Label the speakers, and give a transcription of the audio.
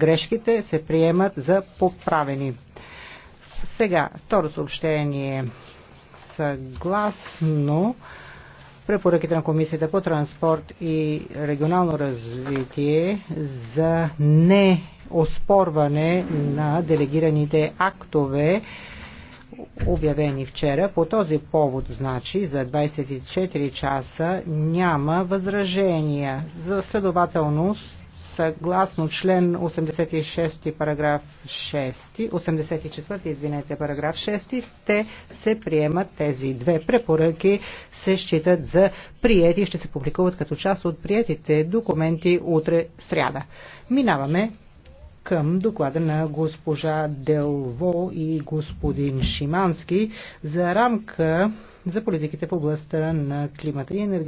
Speaker 1: грешките се приемат за поправени. Сега, второ съобщение. Съгласно препоръките на Комисията по транспорт и регионално развитие за
Speaker 2: не
Speaker 1: оспорване на делегираните актове, обявени вчера. По този повод, значи, за 24 часа няма възражения. За следователност съгласно член 86 параграф 6, 84 извинете параграф 6, те се приемат тези две препоръки, се считат за приети и ще се публикуват като част от приетите документи утре сряда. Минаваме към доклада на госпожа Делво и господин Шимански за рамка за политиките в областта на климата и енергетиката.